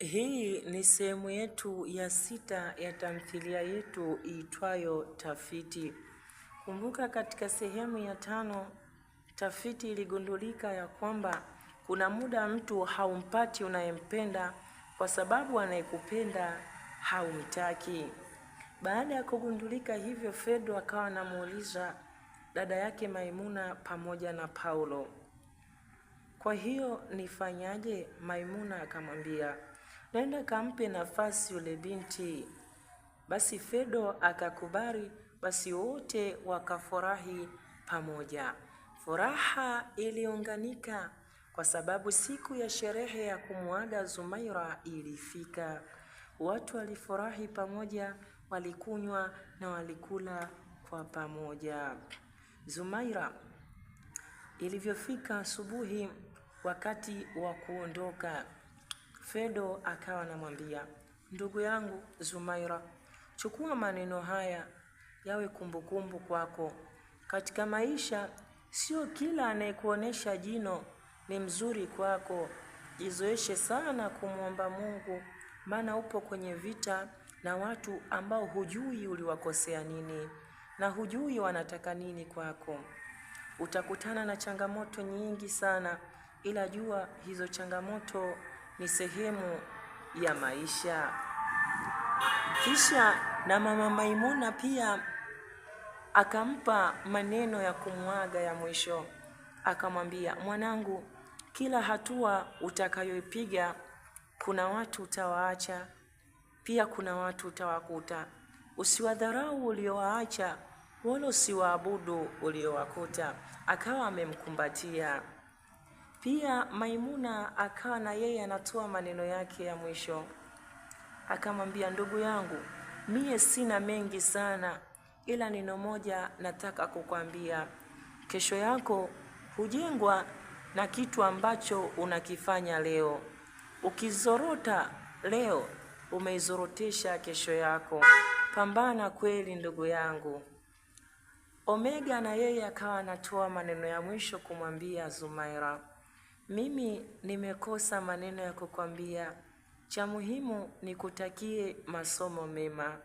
Hii ni sehemu yetu ya sita ya tamthilia yetu iitwayo Tafiti. Kumbuka katika sehemu ya tano tafiti iligundulika ya kwamba kuna muda mtu haumpati unayempenda kwa sababu anayekupenda haumtaki. Baada ya kugundulika hivyo, Fedro akawa anamuuliza dada yake Maimuna pamoja na Paulo, kwa hiyo nifanyaje? Maimuna akamwambia nenda kampe nafasi yule binti. Basi Fedo akakubali, basi wote wakafurahi pamoja. Furaha iliunganika kwa sababu siku ya sherehe ya kumwaga Zumaira ilifika. Watu walifurahi pamoja, walikunywa na walikula kwa pamoja. Zumaira ilivyofika asubuhi, wakati wa kuondoka Fedo akawa anamwambia, ndugu yangu Zumaira, chukua maneno haya yawe kumbukumbu kumbu kwako katika maisha. Sio kila anayekuonesha jino ni mzuri kwako. Jizoeshe sana kumwomba Mungu, maana upo kwenye vita na watu ambao hujui uliwakosea nini na hujui wanataka nini kwako. Utakutana na changamoto nyingi sana, ila jua hizo changamoto ni sehemu ya maisha. Kisha na mama Maimuna pia akampa maneno ya kumwaga ya mwisho, akamwambia, mwanangu, kila hatua utakayoipiga kuna watu utawaacha, pia kuna watu utawakuta. Usiwadharau uliowaacha, wala usiwaabudu uliowakuta. Akawa amemkumbatia. Pia Maimuna akawa na yeye anatoa maneno yake ya mwisho, akamwambia ndugu yangu, mie sina mengi sana, ila neno moja nataka kukwambia. Kesho yako hujengwa na kitu ambacho unakifanya leo. Ukizorota leo, umeizorotesha kesho yako. Pambana kweli, ndugu yangu. Omega na yeye akawa anatoa maneno ya mwisho kumwambia Zumaira. Mimi nimekosa maneno ya kukwambia, cha muhimu ni kutakie masomo mema.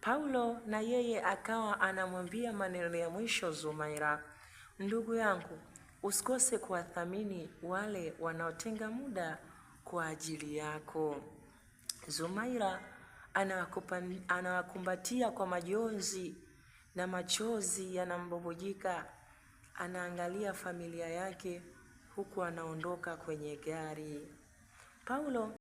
Paulo na yeye akawa anamwambia maneno ya mwisho Zumaira, ndugu yangu, usikose kuwathamini wale wanaotenga muda kwa ajili yako. Zumaira anawakumbatia kwa majonzi na machozi yanambobojika. anaangalia familia yake huku anaondoka kwenye gari. Paulo